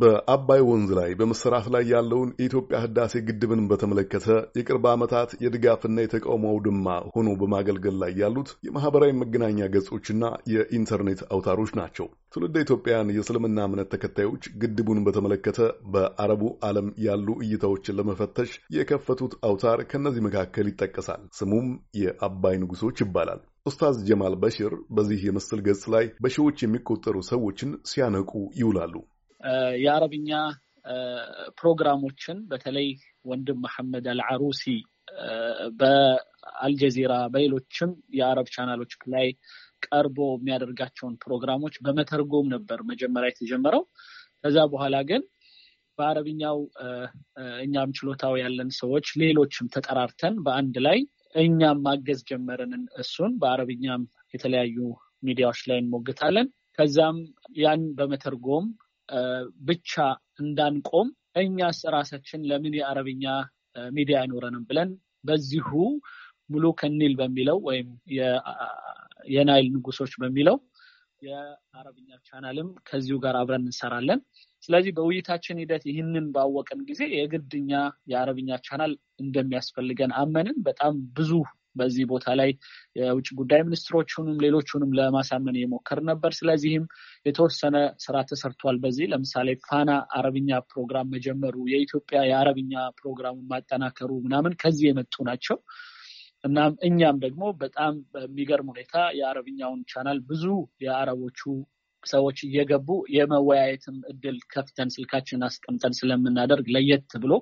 በአባይ ወንዝ ላይ በመሰራት ላይ ያለውን የኢትዮጵያ ህዳሴ ግድብን በተመለከተ የቅርብ ዓመታት የድጋፍና የተቃውሞ አውድማ ሆኖ በማገልገል ላይ ያሉት የማህበራዊ መገናኛ ገጾችና የኢንተርኔት አውታሮች ናቸው። ትውልደ ኢትዮጵያውያን የእስልምና እምነት ተከታዮች ግድቡን በተመለከተ በአረቡ ዓለም ያሉ እይታዎችን ለመፈተሽ የከፈቱት አውታር ከእነዚህ መካከል ይጠቀሳል። ስሙም የአባይ ንጉሶች ይባላል። ኡስታዝ ጀማል በሽር በዚህ የምስል ገጽ ላይ በሺዎች የሚቆጠሩ ሰዎችን ሲያነቁ ይውላሉ። የአረብኛ ፕሮግራሞችን በተለይ ወንድም መሐመድ አልዓሩሲ በአልጀዚራ በሌሎችም የአረብ ቻናሎች ላይ ቀርቦ የሚያደርጋቸውን ፕሮግራሞች በመተርጎም ነበር መጀመሪያ የተጀመረው። ከዛ በኋላ ግን በአረብኛው እኛም ችሎታው ያለን ሰዎች ሌሎችም ተጠራርተን በአንድ ላይ እኛም ማገዝ ጀመርን። እሱን በአረብኛም የተለያዩ ሚዲያዎች ላይ እንሞግታለን። ከዛም ያን በመተርጎም ብቻ እንዳንቆም እኛስ ራሳችን ለምን የአረብኛ ሚዲያ አይኖረንም ብለን በዚሁ ሙሉ ከኒል በሚለው ወይም የናይል ንጉሶች በሚለው የአረብኛ ቻናልም ከዚሁ ጋር አብረን እንሰራለን። ስለዚህ በውይይታችን ሂደት ይህንን ባወቅን ጊዜ የግድኛ የአረብኛ ቻናል እንደሚያስፈልገን አመንን። በጣም ብዙ በዚህ ቦታ ላይ የውጭ ጉዳይ ሚኒስትሮቹንም ሌሎቹንም ለማሳመን የሞከር ነበር። ስለዚህም የተወሰነ ስራ ተሰርቷል። በዚህ ለምሳሌ ፋና አረብኛ ፕሮግራም መጀመሩ፣ የኢትዮጵያ የአረብኛ ፕሮግራሙን ማጠናከሩ ምናምን ከዚህ የመጡ ናቸው። እናም እኛም ደግሞ በጣም በሚገርም ሁኔታ የአረብኛውን ቻናል ብዙ የአረቦቹ ሰዎች እየገቡ የመወያየትም እድል ከፍተን ስልካችን አስቀምጠን ስለምናደርግ ለየት ብሎ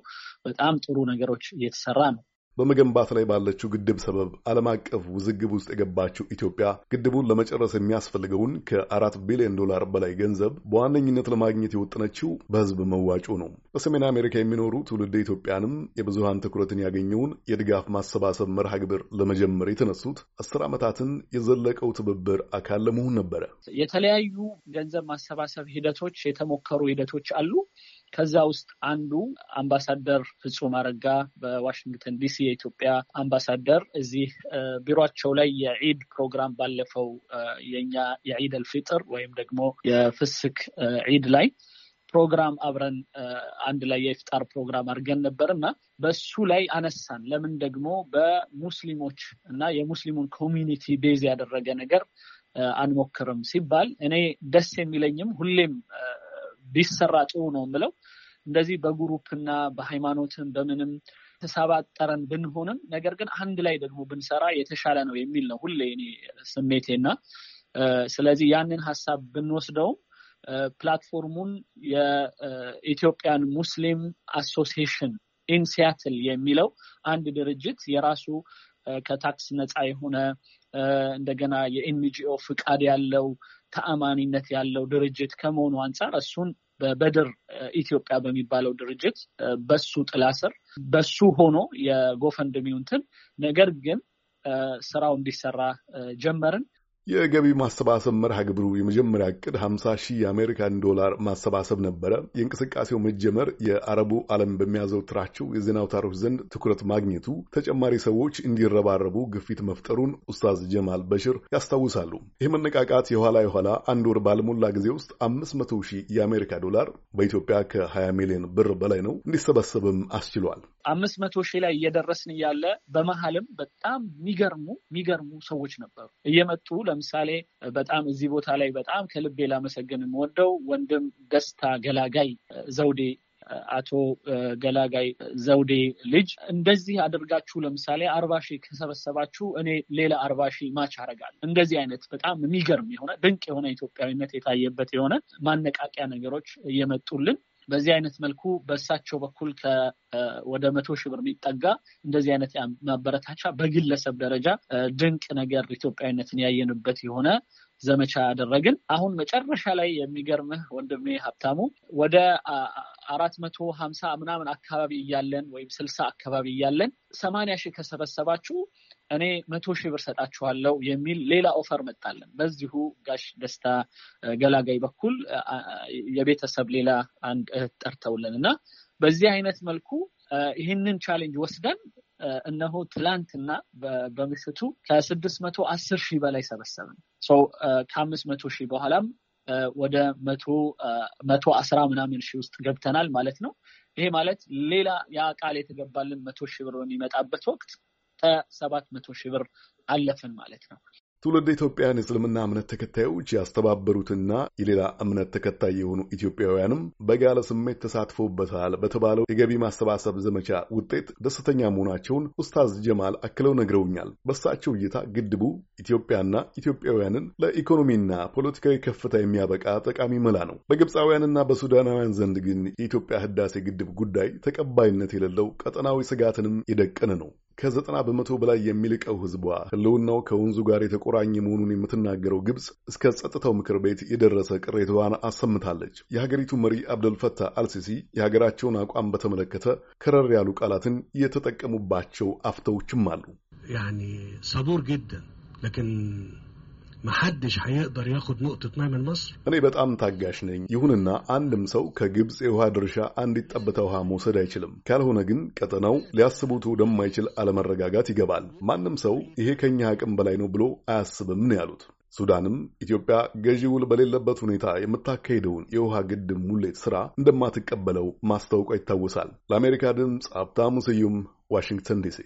በጣም ጥሩ ነገሮች እየተሰራ ነው። በመገንባት ላይ ባለችው ግድብ ሰበብ ዓለም አቀፍ ውዝግብ ውስጥ የገባችው ኢትዮጵያ ግድቡን ለመጨረስ የሚያስፈልገውን ከአራት ቢሊዮን ዶላር በላይ ገንዘብ በዋነኝነት ለማግኘት የወጠነችው በሕዝብ መዋጮ ነው። በሰሜን አሜሪካ የሚኖሩ ትውልደ ኢትዮጵያንም የብዙሃን ትኩረትን ያገኘውን የድጋፍ ማሰባሰብ መርሃ ግብር ለመጀመር የተነሱት አስር ዓመታትን የዘለቀው ትብብር አካል ለመሆን ነበረ። የተለያዩ ገንዘብ ማሰባሰብ ሂደቶች የተሞከሩ ሂደቶች አሉ። ከዛ ውስጥ አንዱ አምባሳደር ፍጹም አረጋ በዋሽንግተን ዲሲ የኢትዮጵያ አምባሳደር እዚህ ቢሯቸው ላይ የዒድ ፕሮግራም ባለፈው የኛ የዒድ አልፊጥር ወይም ደግሞ የፍስክ ዒድ ላይ ፕሮግራም አብረን አንድ ላይ የኢፍጣር ፕሮግራም አድርገን ነበር እና በሱ ላይ አነሳን። ለምን ደግሞ በሙስሊሞች እና የሙስሊሙን ኮሚኒቲ ቤዝ ያደረገ ነገር አንሞክርም ሲባል እኔ ደስ የሚለኝም ሁሌም ቢሰራ ጥሩ ነው የምለው። እንደዚህ በጉሩፕና በሃይማኖትም በምንም ተሰባጠረን ብንሆንም ነገር ግን አንድ ላይ ደግሞ ብንሰራ የተሻለ ነው የሚል ነው ሁሌ እኔ ስሜቴና ስለዚህ ያንን ሀሳብ ብንወስደውም ፕላትፎርሙን የኢትዮጵያን ሙስሊም አሶሲሽን ኢንሲያትል የሚለው አንድ ድርጅት የራሱ ከታክስ ነፃ የሆነ እንደገና የኤንጂኦ ፍቃድ ያለው ተአማኒነት ያለው ድርጅት ከመሆኑ አንጻር እሱን በበድር ኢትዮጵያ በሚባለው ድርጅት በሱ ጥላ ስር በሱ ሆኖ የጎፈንድሚውንትን ነገር ግን ስራው እንዲሰራ ጀመርን። የገቢ ማሰባሰብ መርሃ ግብሩ የመጀመሪያ እቅድ 50 ሺህ የአሜሪካን ዶላር ማሰባሰብ ነበረ። የእንቅስቃሴው መጀመር የአረቡ ዓለም በሚያዘወትራቸው የዜና አውታሮች ዘንድ ትኩረት ማግኘቱ ተጨማሪ ሰዎች እንዲረባረቡ ግፊት መፍጠሩን ኡስታዝ ጀማል በሽር ያስታውሳሉ። ይህ መነቃቃት የኋላ የኋላ አንድ ወር ባልሞላ ጊዜ ውስጥ 500 ሺህ የአሜሪካ ዶላር በኢትዮጵያ ከ20 ሚሊዮን ብር በላይ ነው እንዲሰበሰብም አስችሏል። አምስት መቶ ሺህ ላይ እየደረስን እያለ በመሀልም በጣም የሚገርሙ የሚገርሙ ሰዎች ነበሩ እየመጡ ለምሳሌ በጣም እዚህ ቦታ ላይ በጣም ከልቤ ላመሰግን የምወደው ወንድም ደስታ ገላጋይ ዘውዴ አቶ ገላጋይ ዘውዴ ልጅ እንደዚህ አድርጋችሁ ለምሳሌ አርባ ሺህ ከሰበሰባችሁ እኔ ሌላ አርባ ሺህ ማች አረጋለሁ። እንደዚህ አይነት በጣም የሚገርም የሆነ ድንቅ የሆነ ኢትዮጵያዊነት የታየበት የሆነ ማነቃቂያ ነገሮች እየመጡልን በዚህ አይነት መልኩ በእሳቸው በኩል ወደ መቶ ሺህ ብር የሚጠጋ እንደዚህ አይነት ማበረታቻ በግለሰብ ደረጃ ድንቅ ነገር ኢትዮጵያዊነትን ያየንበት የሆነ ዘመቻ ያደረግን። አሁን መጨረሻ ላይ የሚገርምህ ወንድሜ ሀብታሙ ወደ አራት መቶ ሀምሳ ምናምን አካባቢ እያለን ወይም ስልሳ አካባቢ እያለን ሰማንያ ሺህ ከሰበሰባችሁ እኔ መቶ ሺህ ብር ሰጣችኋለሁ የሚል ሌላ ኦፈር መጣለን። በዚሁ ጋሽ ደስታ ገላጋይ በኩል የቤተሰብ ሌላ አንድ እህት ጠርተውልን እና በዚህ አይነት መልኩ ይህንን ቻሌንጅ ወስደን እነሆ ትላንትና በምሽቱ ከስድስት መቶ አስር ሺህ በላይ ሰበሰብን። ከአምስት መቶ ሺህ በኋላም ወደ መቶ አስራ ምናምን ሺህ ውስጥ ገብተናል ማለት ነው። ይሄ ማለት ሌላ ያ ቃል የተገባልን መቶ ሺህ ብር በሚመጣበት ወቅት እስከ ሰባት መቶ ሺህ ብር አለፍን ማለት ነው። ትውልድ ኢትዮጵያውያን የእስልምና እምነት ተከታዮች ያስተባበሩትና የሌላ እምነት ተከታይ የሆኑ ኢትዮጵያውያንም በጋለ ስሜት ተሳትፎበታል በተባለው የገቢ ማሰባሰብ ዘመቻ ውጤት ደስተኛ መሆናቸውን ኡስታዝ ጀማል አክለው ነግረውኛል። በሳቸው እይታ ግድቡ ኢትዮጵያና ኢትዮጵያውያንን ለኢኮኖሚና ፖለቲካዊ ከፍታ የሚያበቃ ጠቃሚ መላ ነው። በግብፃውያንና በሱዳናውያን ዘንድ ግን የኢትዮጵያ ህዳሴ ግድብ ጉዳይ ተቀባይነት የሌለው ቀጠናዊ ስጋትንም የደቀነ ነው። ከዘጠና በመቶ በላይ የሚልቀው ህዝቧ ህልውናው ከወንዙ ጋር የተቆ ቁራኝ መሆኑን የምትናገረው ግብፅ እስከ ጸጥታው ምክር ቤት የደረሰ ቅሬታዋን አሰምታለች። የሀገሪቱ መሪ አብደልፈታህ አልሲሲ የሀገራቸውን አቋም በተመለከተ ከረር ያሉ ቃላትን የተጠቀሙባቸው አፍታዎችም አሉ። ما هيقدر ياخد نقطة ماء من مصر እኔ በጣም ታጋሽ ነኝ። ይሁንና አንድም ሰው ከግብፅ የውሃ ድርሻ አንዲት ጠብታ ውሃ መውሰድ አይችልም። ካልሆነ ግን ቀጠናው ሊያስቡት ወደማይችል አለመረጋጋት ይገባል። ማንም ሰው ይሄ ከኛ አቅም በላይ ነው ብሎ አያስብም ነው ያሉት። ሱዳንም ኢትዮጵያ ገዢ ውል በሌለበት ሁኔታ የምታካሄደውን የውሃ ግድብ ሙሌት ሥራ እንደማትቀበለው ማስታወቋ ይታወሳል። ለአሜሪካ ድምፅ ሀብታሙ ስዩም ዋሽንግተን ዲሲ